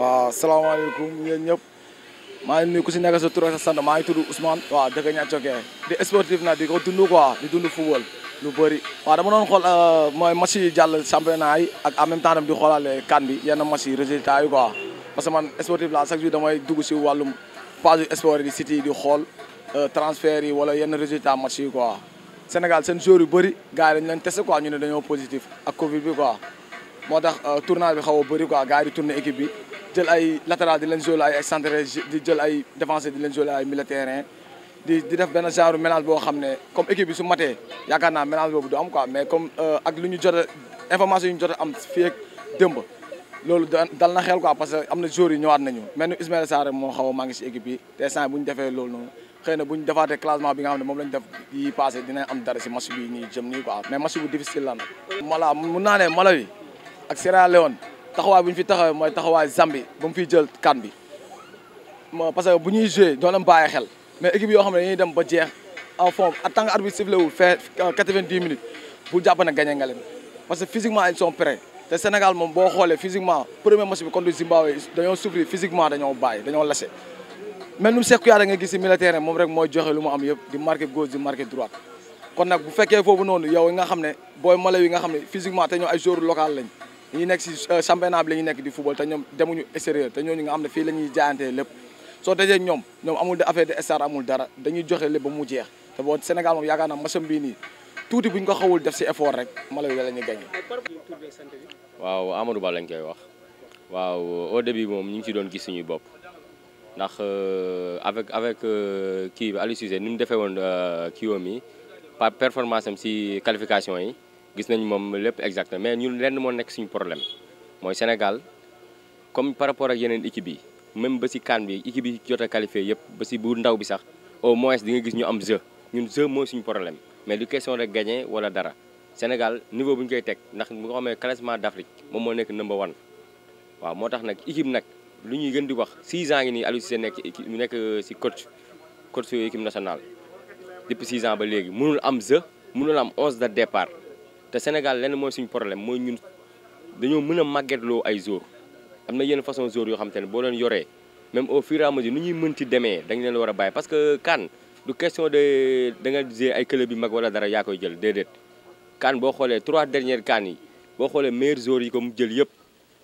waaw salaamaaleykum yéen ñëpp maa ngi nuyu ku si nekk sa tur sa sant maa ngi tudd Ousmane waaw dëgg ñaa cokee di sportif na di ko dund quoi di dund football lu bari waaw dama doon xool euh, mooy match yi jàll championnat yi ak en même temps di xoolaale kan bi yenn match yi résultat yi quoi parce que man sportif la chaque jour damay dugg si wàllum page sport di site yi di xool euh, transfert yi wala yenn résultat match yi quoi Sénégal seen joueurs yu bëri gars yi dañ leen ñu ne dañoo positif ak Covid bi moo tax euh, tournage bi xaw a bëri quoi gars yi di tourné bi jël ay latéral di leen ay excentré di jël ay défenseur di leen ay milieu terrain di di def benn genre mélange boo xam ne comme équipe bi su matee yaakaar naa mélange boobu du am quoi mais comme euh, ak lu ñu jot a a am fii ak démb loolu dal na xel quoi parce que am na joueurs yi ñëwaat nañu mel ni Ismaïla Sarr moo xaw a maa ngi si équipe yi te instant bu ñu defee loolu noonu xëy na classement bi nga xam ne moom lañu ñu def yi passé dinañ am dara si match bi ñuy jëm nii quoi mais naa ne Malawi ak Sierra taxawaay bu ñu fi taxawee mooy taxawaay Zambie ba mu fiy jël kan bi parce que bu ñuy joué doon leen bàyyi xel mais équipe yoo xam ne dañuy dem ba jeex en fond en tant que arbitre sifflé wul fin quatre-vingt-dix minutes bu jàpp nga moom boo xoolee physiquement premier match bi contre Zimbabwe dañoo souffrir physiquement dañoo bàyyi dañoo lâché mel gis si moom rek mooy joxe lu mu am yëpp di marqué gauche di marqué droite kon nag bu fekkee foofu noonu yow nga xam ne booy Malawi yi nga xam ne physiquement te ñoo ay joueurs local lañ ñu nekk si euh, championnat la ñuy nekk di football te ñoom demuñu extérieur te ñooñu nga xam ne fii lañuy ñuy jaayantee lépp soo dajee ñoom ñoom amul de affaire de star amul dara dañuy joxe lépp ba mu jeex te boo Sénégal moom yaakaar naa masam bii nii tuuti bu ñu ko xawul def si effort rek mala wi la ñuy waaw Amadou Ba lañ koy wax waaw au début moom ñu ngi si doon gis suñuy bopp ndax euh, avec avec euh, kii bi Aliou Cissé ni mu defee woon kii woom yi par performance am si qualification yi. gis nañ moom lépp exact mais ñun lenn moo nekk suñu problème mooy Sénégal comme par rapport ak yeneen équipe yi même ba si CAN bi équipe yi jot a qualifié yëpp ba si buur ndaw bi sax au mois di nga gis ñu am jeu ñun jeu mooy suñu problème mais du question rek gagné wala dara Sénégal niveau bu ñu koy teg ndax mu nga xamee classement d'Afrique moom moo nekk number one waaw moo tax nag équipe nag lu ñuy gën di wax 6 ans ngi nii Aliou Cissé nekk ci nekk euh, si coach coach équipe nationale depuis ba léegi mënul am jeu mënul am 11 de départ. te Sénégal lenn mooy suñ problème mooy ñun dañoo mën a màggetloo ay joueurs am na yenn façon joueurs yoo xam te ne boo leen yoree même au fur et à mesure nu ñuy mënti demee dañ leen war a bàyyi parce que kan du question de da nga gisee ay club yu mag wala dara yaa koy jël déedéet kan boo xoolee trois dernières kan yi boo xoolee maire joueurs yi ko mu jël yëpp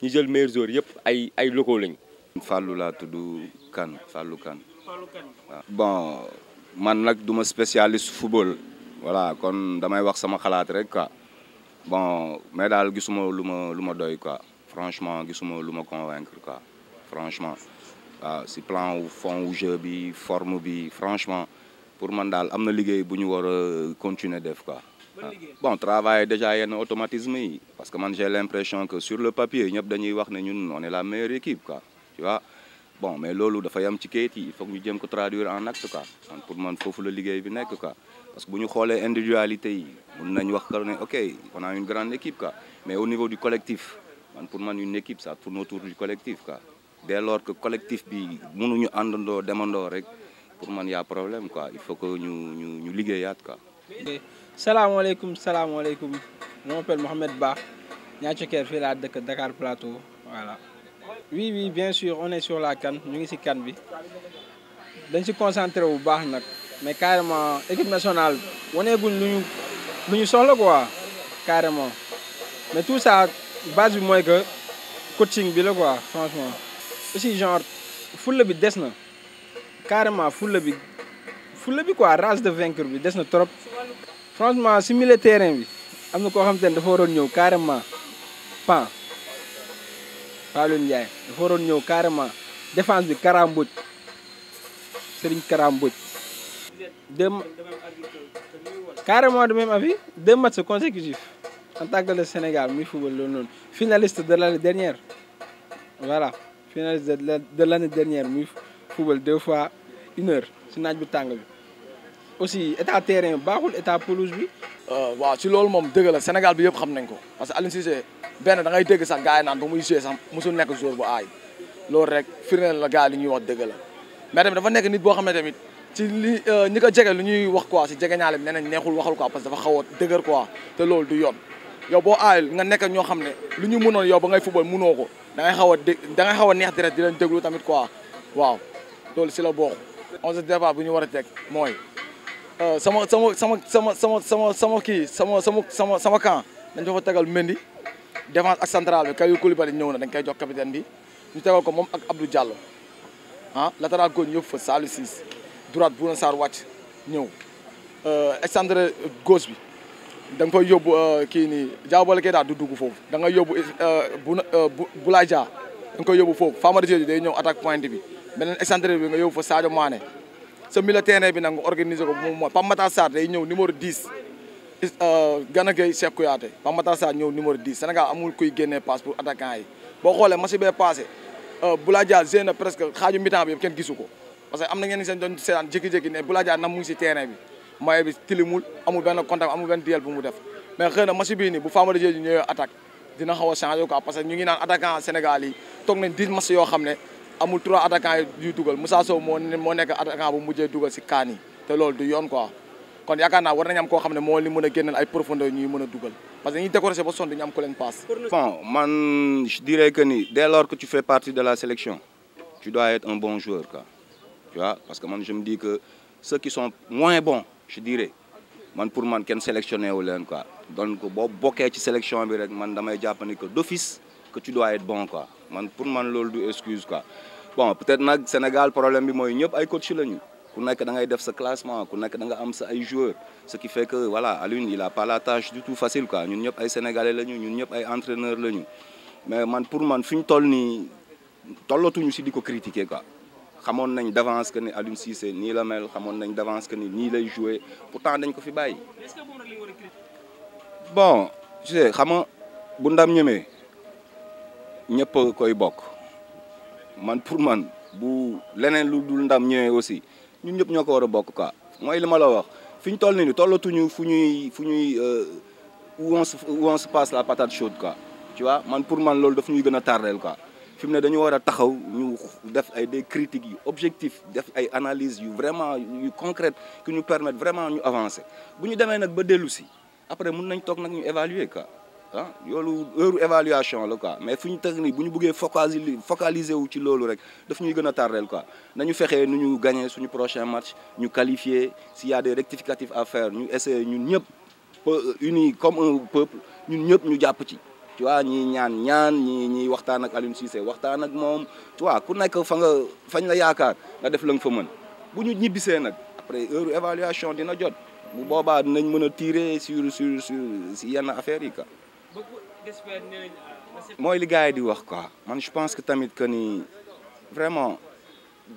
ñu jël maire joueurs yëpp ay ay locaux lañ. Fallou laa tudd kan Fallou kan bon man nag du ma spécialiste football voilà kon damay wax sama xalaat rek bon mais daal gisuma lu ma lu ma doy quoi franchement gisuma lu ma convaincre quoi franchement si plan wu fond wu bi forme bi franchement pour man daal am na liggéey bu ñu war a continuer def quoi ah. bon travail déjà yenn automatisme yi parce que man j'ai l'impression que sur le papier ñëpp dañuy wax ne ñun on est la meilleure équipe quoi tu mais loolu dafay am ci kayit yi il faut que ñu jéem ko traduire en acte quoi pour man foofu la liggéey bi nekk quoi Parce que si nous regardons l'individualité, on peut dire ok, on a une grande équipe. Quoi. Mais au niveau du collectif, pour man une équipe, ça tourne autour du collectif. Quoi. Dès lors que le collectif, bi, nous andons, demandons, pour moi, il y a un problème. Quoi. Il faut que nous, nous, nous liguions. Salam alaikum, salam alaikum. Je m'appelle Mohamed Ba. Niatcheker fait la Dakar Plateau. Voilà. Oui, oui, bien sûr, on est sur la canne. Nous sommes sur la canne. Nous sommes concentrés mais carrément équipe nationale waneeguñ lu ñu lu ñu soxla quoi carrément mais tout ça base bi mooy que coaching bi la quoi franchement. aussi genre fulla bi des na carrément fulla bi fulla bi quoi rage de vaincre bi des na trop franchement si milieu terrain bi am na koo xam te ne dafa waroon ñëw carrément pan Paulin Ndiaye dafa waroon ñëw carrément défense bi Karambooj Serigne Karambooj deux carrément de même avis deux matchs consécutifs en tant que le Sénégal muy football loolu noonu finaliste de l'année dernière voilà finaliste de l'année dernière muy football deux fois une heure si naaj bi tàng bi aussi état terrain baaxul état pelouse bi. Euh, waaw ci loolu moom dëgg la Sénégal bi yëpp xam nañ ko parce que Aliou Cissé benn da ngay dégg sax gars yi naan ba muy joué sax mosul nekk joueur bu aay loolu rek firndeel la gars li ñuy wax dëgg la mais dafa nekk nit boo xam ne tamit. si li ni euh, ko jege lu ñuy wax ko si jege ñaale bi neexul waxal ko parce que dafa xawoo a dëgër quoi te loolu du yoon yow boo aayul nga nekk ñoo xam ne lu ñu mënoon yow ba ngay football mënoo ko da ngay xaw a dé da ngay xaw a neex deret di leen déglu tamit ko waaw loolu si la bokk onze départ bu ñu war a teg mooy euh, sama sama sama sama sama sama sama kii sama sama sama sama camp dañ fa fa tegal Mendy défense ak central bi Kalidou Koulibaly ñëw na dañ koy jox capitaine bi ñu tegal ko moom ak Abdou Diallo ah latéral gauche yëpp fa Saliou droite Bouna Sarr wàcc ñëw euh, excentré gauche bi da nga fay yóbbu euh, kii nii Diawbala Keita du dugg foofu da nga yóbbu euh, Bouna Boulaye Dia da nga koy yóbbu foofu Famara Diédhiou day ñëw attaque pointe bi beneen excentré bi nga yóbbu fa Sadio Mané sa milieu terrain bi nag nga organiser ko moom mooy Pape Matar Sarr day ñëw numéro 10 Gana Gueye Cheikh Kouyaté Pape Matar ñëw numéro 10 Sénégal amul kuy génnee passe pour attaquant yi boo xoolee match bee passé Boulaye Dia génn presque xaaju mi-temps bi gisu ko parce que am na ñenn seen doon seetaan jékki-jékki ne Boulaye Dia nam mu ngi si terrain bi maye bi tilimul amul benn contact amul benn duel bu mu def mais xëy na match bii nii bu Famara Diédhiou ñëwee attaque dina xaw a changé parce que ñu ngi naan attaquant Sénégal yi toog nañ 10 match yoo xam ne amul trois attaquants yuy dugal Moussa Sow moo moo nekk attaquant bu mujjee dugal si kaan yi te loolu du yoon quoi kon yaakaar naa war nañ am koo xam ne moo li mën a génneel ay profondeur ñuy mën la sélection tu tu parce que man je me di que ceux qui sont moins bons je dirais man pour man kenn sélectionné wu leen quoi donc boo bokkee ci sélection bi rek man damay jàpp ni que d'office que tu dois être bon quoi man pour man loolu du excuse quoi bon peut-être nag Sénégal problème bi mooy ñëpp ay coach lañu ku nekk da ngay def sa classement ku nag da nga am sa ay joueurs ce qui fait que voilà Alioune il a pas la tâche du tout facile quoi ñun ñëpp ay sénégalais lañu ñun ñëpp ay entraîneurs lañu mais man pour man fi ñu toll nii tollatuñu si di ko critiquer quoi. xamoon nañ d'avance que ni Aliou Cissé nii la mel xamoon nañ d'avance que ni nii lay jouer pourtant dañ ko fi bàyyi. bon tu sais xam nga bu ndam ñemee ñëpp koy bokk man pour man bu leneen lu dul ndam ñëwee aussi ñun ñëpp ñoo ko war a bokk quoi mooy li ma la wax fi ñu toll nii tollatuñu fu ñuy fu ñuy euh, où on se où on la patate chaude quoi tu vois man pour man loolu daf ñuy gën a tardeel quoi. fi mu ne dañu war a taxaw ñu def ay des critique yu objectifs def ay analyses yu vraiment yu concrètes qui nous permettent vraiment ñu avancer bu ñu demee nag ba dellusi si après mun nañ toog nag ñu évaluer quoi ah yoolu heure évaluation la quoi mais fu ñu technique bu ñu bëggee focaliser focaliser wu ci loolu rek daf ñuy gën a tardeel quoi nañu fexee nu ñu gagner suñu prochain match ñu qualifier s'il y a des rectificatifs ñu essayer ñun ñëpp unis comme un peuple ñun ñëpp ñu jàpp ci tu vois ñii ñaan ñaan ñi ñiy waxtaan ak Aliou Cissé waxtaan nag moom tu vois ku nekk fa nga fañ la yaakaar nga def la nga fa mën bu ñu ñibbisee nag après heure évaluation dina jot bu boobaa dinañ mën a tirer sur sur sur si yenn affaires yi quoi. mooy li yi di wax quoi man je pense que tamit que ni vraiment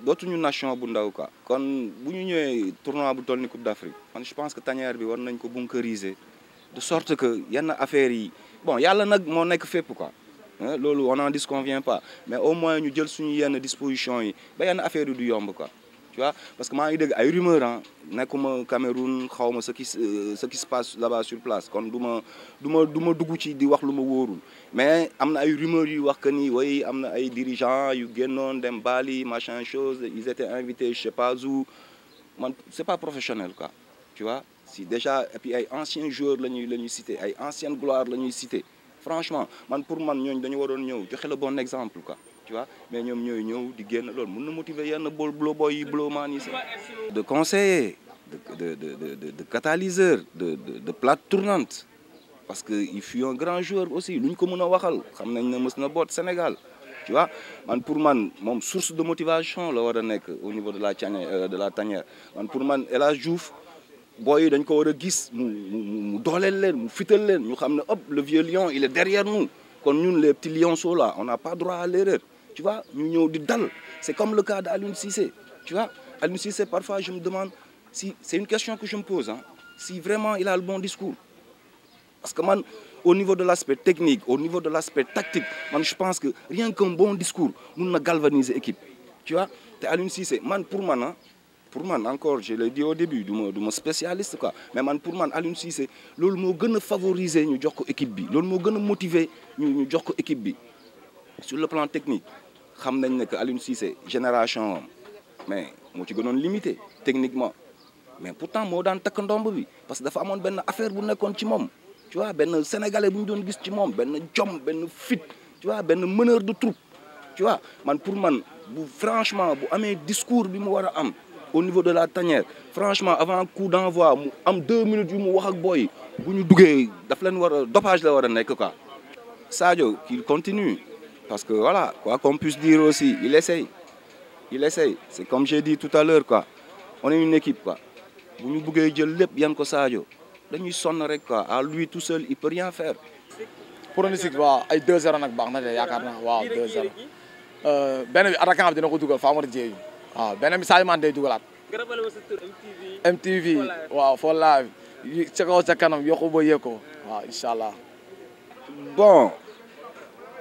dootuñu nation bu ndaw quoi. kon bu ñu ñëwee tournoi bu toll ni Coupe d'Afrique man je pense que tanière bi war nañ ko bunkeriser. de sorte que yenn affaires yi bon yàlla nag moo nekk fépp quoi loolu on n'en disconvient pas mais au moins ñu jël suñu yenn disposition yi ba yenn affaire yi du yomb quoi tu vois parce que maa ngi dégg ay rumeur ah nekkuma Cameroun xaw ma ce qui euh, ce qui se passe là sur place kon du ma du ma dugg ci di wax lu ma wóorul mais am na ay rumeur yu wax que ni way am na ay dirigeants yu génnoon dem Bali machin chose ils étaient invité je pas où man c'est pas professionnel quoi tu vois si déjà et ay anciens joueurs la ñuy la ay anciennes gloires la ñuy cité franchement man pour man ñooñu dañu waroon ñëw joxe la bon exemple quoi mais ñoom ñooy ñëw di génn loolu mun na motiver yenn bol blo boy yi blo maan de conseiller de de de de de catalyseur de de de plate tournante parce que il fut un grand joueur aussi lu ñu ko mën a waxal xam nañ ne mës na boot Sénégal tu man pour man moom source de motivation la war a nekk au niveau de la tanière euh, de la tanière man pour man El booy yi dañ ko war a gis mu mu dooleel leen mu fital leen ñu xam ne hop le vieux lion il est derrière nous kon ñun les petits lionceaux là on n'a pas droit à l'erreur tu ñu ñëw di dal c'est comme le cas d'Aliou Cissé tu vois Aliou Cissé parfois je me demande si c'est une question que je me pose si vraiment il a le bon discours parce que man au niveau de l'aspect technique au niveau de l'aspect tactique man je pense que rien qu'un bon discours mun na galvaniser équipe tu vois te man pour man pour man encore je l'ai dit au début du ma du ma spécialiste quoi mais man pour man Aliou Cissé loolu moo gën a favoriser ñu jox ko équipe bi loolu moo gën a motiver ñu jox ko équipe bi sur le plan technique xam nañ ne que Aliou génération am mais moo ci gënoon limité techniquement mais pourtant moo daan takk ndomb bi parce que dafa amoon benn affaire bu nekkoon ci moom tu benn sénégalais bu ñu doon gis ci moom benn jom benn fit tu vois benn meneur de troup tu man pour man bu franchement bu amee discours bi mu war a am au niveau de la tanière franchement avant coup d'envoi mu am deux minutes yu mu wax ak booy bu ñu duggee daf leen war a dopage la war a nekk quoi Sadio qu'il continue parce que voilà quoi qu'on puisse dire aussi il essaye il essaye c'est comme j'ai dit tout à l'heure quoi on une équipe quoi bu ñu bëggee jël lépp yan ko Sadio dañuy sonn rek quoi à lui tout seul il peut rien faire. pronostic waaw ay 2-0 nag baax na de yaakaar naa waaw 2-0 euh, benn bi attaquant bi dina ko dugal Famara waaw beneen bi Sadio Mané day dugalaat. MTV waaw foo live ca kaw ca kanam yokku ba yëkkoo waaw allah. bon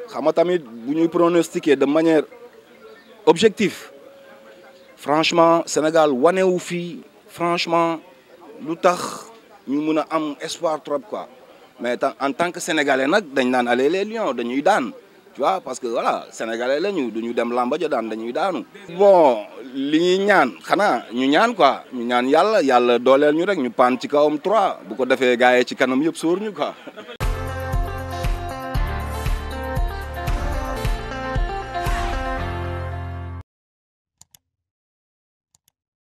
xam nga tamit bu ñuy pronostiquer de manière objectif franchement Sénégal wane wu fii franchement lu tax ñu mun a am espoir trop quoi mais en tant que sénégalais nag dañ naan aller les dañuy daan. tu parce que voilà sénégalais la ñu du ñu dem lamba ja daan dañuy daanu. bon li ñuy ñaan xanaa ñu ñaan quoi ñu ñaan yàlla yàlla dooleel ñu rek ñu paan ci kawam trois bu ko defee gars yi ci kanam yëpp sóor ñu quoi.